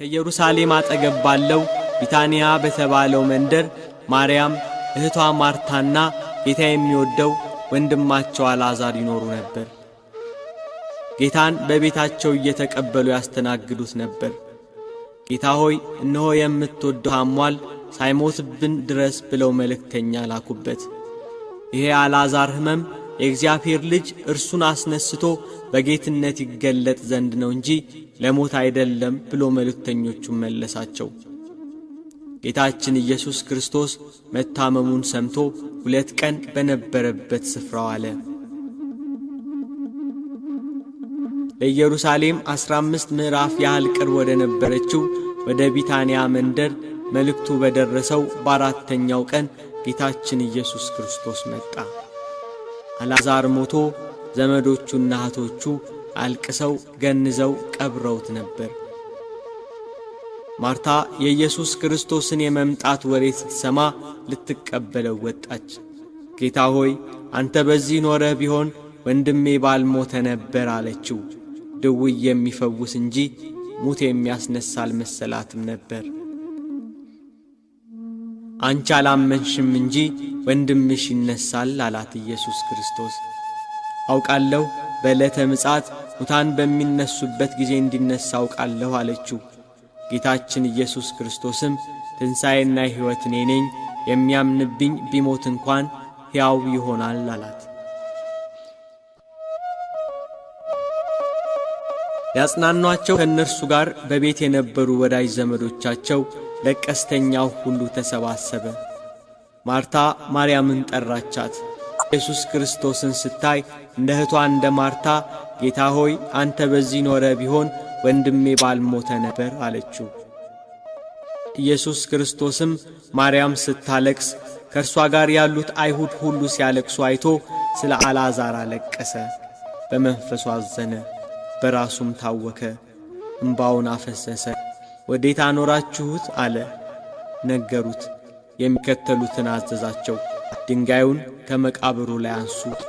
ከኢየሩሳሌም አጠገብ ባለው ቢታንያ በተባለው መንደር ማርያም፣ እህቷ ማርታና ጌታ የሚወደው ወንድማቸው አልዓዛር ይኖሩ ነበር። ጌታን በቤታቸው እየተቀበሉ ያስተናግዱት ነበር። ጌታ ሆይ እነሆ የምትወደው ታሟል፣ ሳይሞትብን ድረስ ብለው መልእክተኛ ላኩበት። ይሄ አልዓዛር ሕመም የእግዚአብሔር ልጅ እርሱን አስነስቶ በጌትነት ይገለጥ ዘንድ ነው እንጂ ለሞት አይደለም ብሎ መልእክተኞቹን መለሳቸው። ጌታችን ኢየሱስ ክርስቶስ መታመሙን ሰምቶ ሁለት ቀን በነበረበት ስፍራው አለ። ለኢየሩሳሌም 15 ምዕራፍ ያህል ቅርብ ወደ ነበረችው ወደ ቢታንያ መንደር መልእክቱ በደረሰው በአራተኛው ቀን ጌታችን ኢየሱስ ክርስቶስ መጣ። አልዓዛር ሞቶ ዘመዶቹና እህቶቹ አልቅሰው ገንዘው ቀብረውት ነበር። ማርታ የኢየሱስ ክርስቶስን የመምጣት ወሬ ስትሰማ ልትቀበለው ወጣች። ጌታ ሆይ አንተ በዚህ ኖረህ ቢሆን ወንድሜ ባልሞተ ነበር አለችው። ድውይ የሚፈውስ እንጂ ሙት የሚያስነሳ አልመሰላትም ነበር። አንቺ አላመንሽም እንጂ ወንድምሽ ይነሳል አላት ኢየሱስ ክርስቶስ። አውቃለሁ በዕለተ ምጻት ሙታን በሚነሱበት ጊዜ እንዲነሳ አውቃለሁ አለችው። ጌታችን ኢየሱስ ክርስቶስም ትንሣኤና ሕይወት እኔ ነኝ፣ የሚያምንብኝ ቢሞት እንኳን ሕያው ይሆናል አላት። ያጽናኗቸው ከእነርሱ ጋር በቤት የነበሩ ወዳጅ ዘመዶቻቸው ለቀስተኛው ሁሉ ተሰባሰበ። ማርታ ማርያምን ጠራቻት። ኢየሱስ ክርስቶስን ስታይ እንደ እህቷ እንደ ማርታ ጌታ ሆይ አንተ በዚህ ኖረ ቢሆን ወንድሜ ባልሞተ ነበር አለችው። ኢየሱስ ክርስቶስም ማርያም ስታለቅስ ከእርሷ ጋር ያሉት አይሁድ ሁሉ ሲያለቅሱ አይቶ ስለ አልዓዛር አለቀሰ። በመንፈሱ አዘነ፣ በራሱም ታወከ፣ እምባውን አፈሰሰ። ወዴት አኖራችሁት አለ። ነገሩት። የሚከተሉትን አዘዛቸው። ድንጋዩን ከመቃብሩ ላይ አንሱት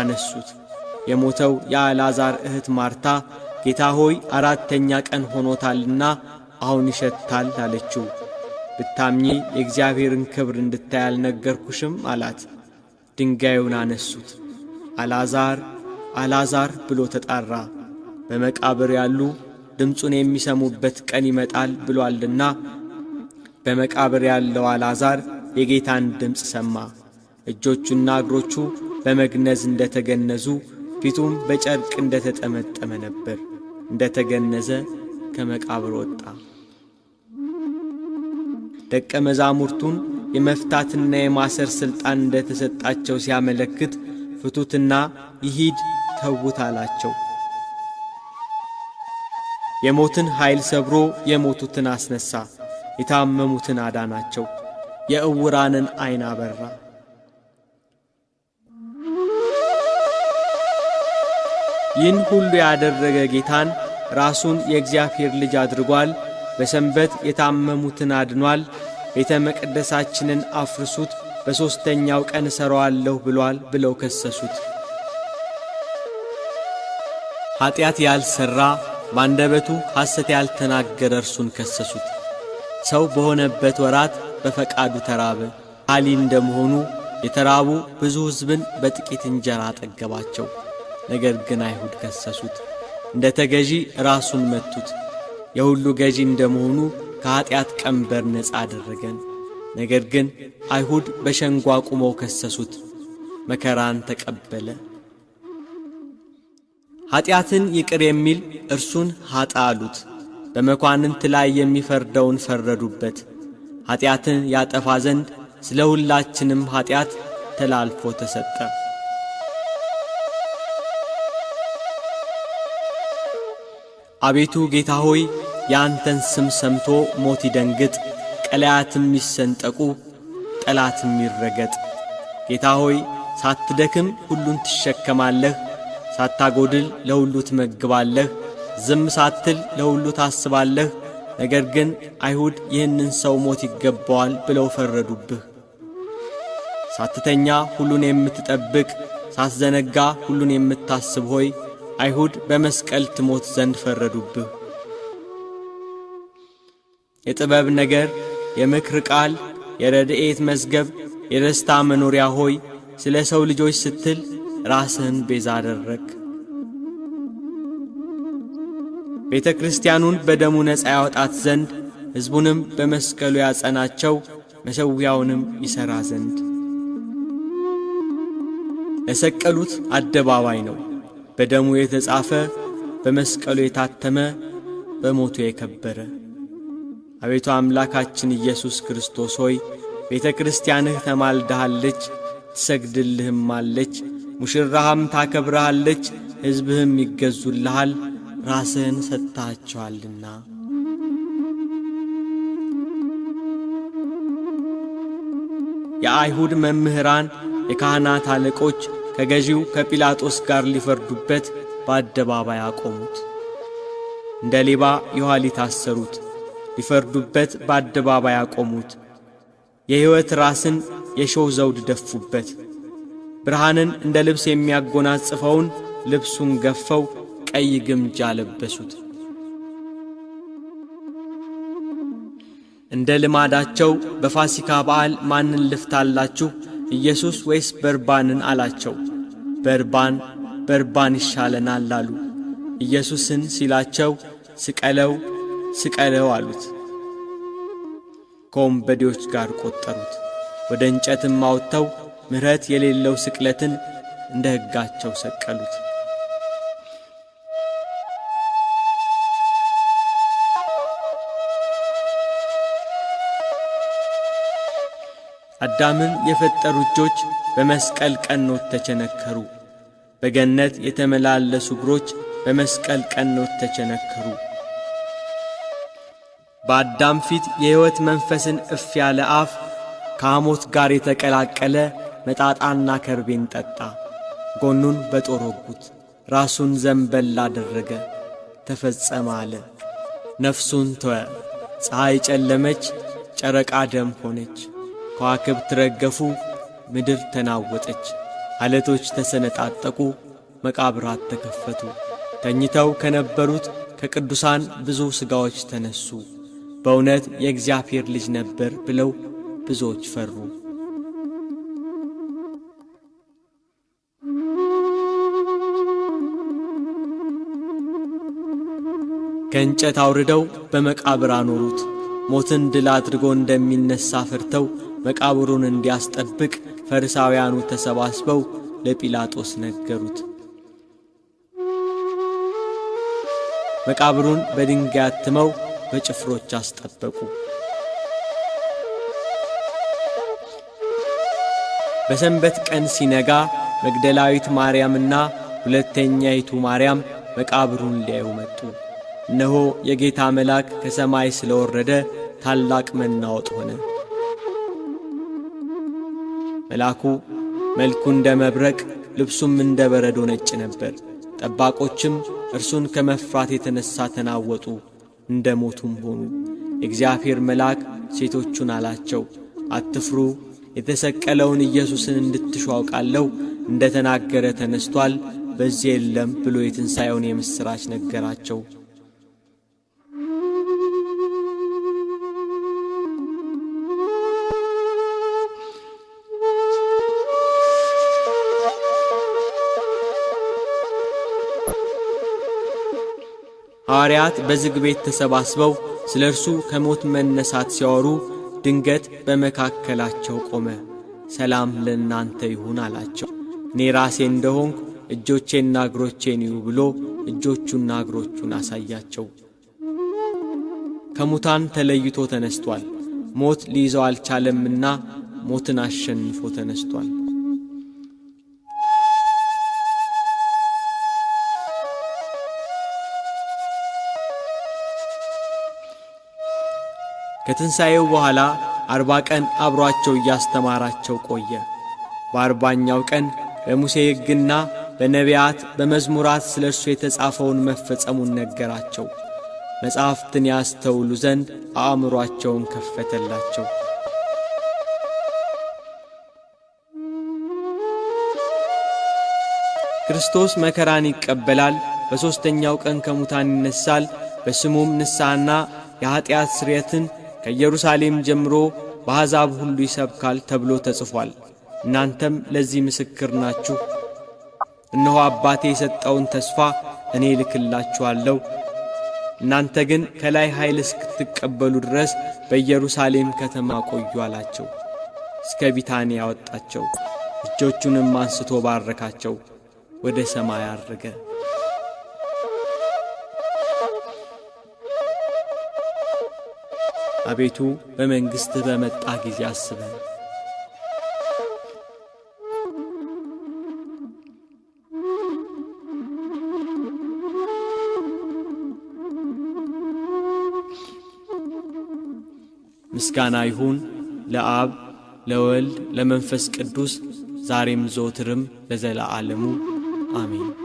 አነሱት። የሞተው የአልዓዛር እህት ማርታ ጌታ ሆይ አራተኛ ቀን ሆኖታልና አሁን ይሸታል አለችው። ብታምኚ የእግዚአብሔርን ክብር እንድታይ አልነገርኩሽም አላት። ድንጋዩን አነሱት። አልዓዛር አልዓዛር ብሎ ተጣራ። በመቃብር ያሉ ድምፁን የሚሰሙበት ቀን ይመጣል ብሏልና በመቃብር ያለው አልዓዛር የጌታን ድምፅ ሰማ። እጆቹና እግሮቹ በመግነዝ እንደ ተገነዙ፣ ፊቱም በጨርቅ እንደ ተጠመጠመ ነበር። እንደ ተገነዘ ከመቃብር ወጣ። ደቀ መዛሙርቱን የመፍታትና የማሰር ሥልጣን እንደ ተሰጣቸው ሲያመለክት ፍቱትና ይሂድ ተዉት አላቸው። የሞትን ኃይል ሰብሮ የሞቱትን አስነሣ፣ የታመሙትን አዳናቸው፣ የእውራንን ዐይን አበራ። ይህን ሁሉ ያደረገ ጌታን ራሱን የእግዚአብሔር ልጅ አድርጓል። በሰንበት የታመሙትን አድኗል። ቤተ መቅደሳችንን አፍርሱት፣ በሦስተኛው ቀን እሠራዋለሁ ብሏል ብለው ከሰሱት። ኀጢአት ያልሠራ ባንደበቱ ሐሰት ያልተናገረ እርሱን ከሰሱት። ሰው በሆነበት ወራት በፈቃዱ ተራበ። ኃሊ እንደመሆኑ የተራቡ ብዙ ሕዝብን በጥቂት እንጀራ አጠገባቸው። ነገር ግን አይሁድ ከሰሱት፣ እንደ ተገዢ ራሱን መቱት። የሁሉ ገዢ እንደመሆኑ ከኀጢአት ቀንበር ነፃ አደረገን። ነገር ግን አይሁድ በሸንጓ ቁመው ከሰሱት፣ መከራን ተቀበለ። ኀጢአትን ይቅር የሚል እርሱን ኀጣ አሉት። በመኳንንት ላይ የሚፈርደውን ፈረዱበት። ኀጢአትን ያጠፋ ዘንድ ስለ ሁላችንም ኀጢአት ተላልፎ ተሰጠ። አቤቱ ጌታ ሆይ የአንተን ስም ሰምቶ ሞት ይደንግጥ፣ ቀላያትም ይሰንጠቁ፣ ጠላትም ይረገጥ። ጌታ ሆይ ሳትደክም ሁሉን ትሸከማለህ ሳታጎድል ለሁሉ ትመግባለህ፣ ዝም ሳትል ለሁሉ ታስባለህ። ነገር ግን አይሁድ ይህንን ሰው ሞት ይገባዋል ብለው ፈረዱብህ። ሳትተኛ ሁሉን የምትጠብቅ ሳትዘነጋ ሁሉን የምታስብ ሆይ አይሁድ በመስቀል ትሞት ዘንድ ፈረዱብህ። የጥበብ ነገር፣ የምክር ቃል፣ የረድኤት መዝገብ፣ የደስታ መኖሪያ ሆይ ስለ ሰው ልጆች ስትል ራስህን ቤዛ አደረግ። ቤተ ክርስቲያኑን በደሙ ነፃ ያወጣት ዘንድ ሕዝቡንም በመስቀሉ ያጸናቸው፣ መሰዊያውንም ይሠራ ዘንድ ለሰቀሉት አደባባይ ነው። በደሙ የተጻፈ በመስቀሉ የታተመ በሞቱ የከበረ አቤቱ አምላካችን ኢየሱስ ክርስቶስ ሆይ ቤተ ክርስቲያንህ ተማልዳሃለች፣ ትሰግድልህም አለች። ሙሽራህም ታከብረሃለች፣ ሕዝብህም ይገዙልሃል፣ ራስህን ሰጥታቸዋልና። የአይሁድ መምህራን፣ የካህናት አለቆች ከገዢው ከጲላጦስ ጋር ሊፈርዱበት በአደባባይ አቆሙት። እንደ ሌባ የኋሊት አሰሩት። ሊፈርዱበት በአደባባይ አቆሙት። የሕይወት ራስን የሾህ ዘውድ ደፉበት። ብርሃንን እንደ ልብስ የሚያጎናጽፈውን ልብሱን ገፈው ቀይ ግምጃ ለበሱት። እንደ ልማዳቸው በፋሲካ በዓል ማንን ልፍታላችሁ? ኢየሱስ ወይስ በርባንን አላቸው። በርባን በርባን ይሻለናል አሉ። ኢየሱስን ሲላቸው ስቀለው ስቀለው አሉት። ከወንበዴዎች ጋር ቈጠሩት። ወደ እንጨትም አውጥተው ምሕረት የሌለው ስቅለትን እንደ ሕጋቸው ሰቀሉት። አዳምን የፈጠሩ እጆች በመስቀል ቀኖት ተቸነከሩ። በገነት የተመላለሱ እግሮች በመስቀል ቀኖት ተቸነከሩ። በአዳም ፊት የሕይወት መንፈስን እፍ ያለ አፍ ከሐሞት ጋር የተቀላቀለ መጣጣና ከርቤን ጠጣ። ጎኑን በጦር ወጉት፣ ራሱን ዘንበል አደረገ። ተፈጸመ አለ። ነፍሱን ተወ። ፀሐይ ጨለመች፣ ጨረቃ ደም ሆነች፣ ከዋክብት ረገፉ፣ ምድር ተናወጠች፣ አለቶች ተሰነጣጠቁ፣ መቃብራት ተከፈቱ። ተኝተው ከነበሩት ከቅዱሳን ብዙ ሥጋዎች ተነሱ። በእውነት የእግዚአብሔር ልጅ ነበር ብለው ብዙዎች ፈሩ። ከእንጨት አውርደው በመቃብር አኖሩት። ሞትን ድል አድርጎ እንደሚነሣ ፈርተው መቃብሩን እንዲያስጠብቅ ፈሪሳውያኑ ተሰባስበው ለጲላጦስ ነገሩት። መቃብሩን በድንጋይ አትመው በጭፍሮች አስጠበቁ። በሰንበት ቀን ሲነጋ መግደላዊት ማርያምና ሁለተኛይቱ ማርያም መቃብሩን ሊያዩ መጡ። እነሆ የጌታ መልአክ ከሰማይ ስለወረደ ታላቅ መናወጥ ሆነ። መልአኩ መልኩ እንደ መብረቅ ልብሱም እንደ በረዶ ነጭ ነበር። ጠባቆችም እርሱን ከመፍራት የተነሣ ተናወጡ፣ እንደ ሞቱም ሆኑ። የእግዚአብሔር መልአክ ሴቶቹን አላቸው፣ አትፍሩ፣ የተሰቀለውን ኢየሱስን እንድትሹ አውቃለሁ። እንደ ተናገረ ተነሥቶአል፣ በዚህ የለም ብሎ የትንሣኤውን የምሥራች ነገራቸው። ሐዋርያት በዝግ ቤት ተሰባስበው ስለ እርሱ ከሞት መነሳት ሲያወሩ ድንገት በመካከላቸው ቆመ። ሰላም ለእናንተ ይሁን አላቸው። እኔ ራሴ እንደሆንኩ እጆቼና እግሮቼን ይሁ ብሎ እጆቹና እግሮቹን አሳያቸው። ከሙታን ተለይቶ ተነስቷል። ሞት ሊይዘው አልቻለምና ሞትን አሸንፎ ተነስቷል። ከትንሣኤው በኋላ አርባ ቀን አብሯቸው እያስተማራቸው ቆየ። በአርባኛው ቀን በሙሴ ሕግና በነቢያት በመዝሙራት ስለ እርሱ የተጻፈውን መፈጸሙን ነገራቸው። መጻሕፍትን ያስተውሉ ዘንድ አእምሮአቸውን ከፈተላቸው። ክርስቶስ መከራን ይቀበላል፣ በሦስተኛው ቀን ከሙታን ይነሣል፣ በስሙም ንስሐና የኀጢአት ስርየትን ከኢየሩሳሌም ጀምሮ በአሕዛብ ሁሉ ይሰብካል ተብሎ ተጽፏል። እናንተም ለዚህ ምስክር ናችሁ። እነሆ አባቴ የሰጠውን ተስፋ እኔ እልክላችኋለሁ። እናንተ ግን ከላይ ኃይል እስክትቀበሉ ድረስ በኢየሩሳሌም ከተማ ቆዩ አላቸው። እስከ ቢታንያ ያወጣቸው፣ እጆቹንም አንስቶ ባረካቸው፣ ወደ ሰማይ አረገ። አቤቱ በመንግሥትህ በመጣ ጊዜ አስበን። ምስጋና ይሁን ለአብ ለወልድ ለመንፈስ ቅዱስ ዛሬም ዘወትርም ለዘለዓለሙ አሜን።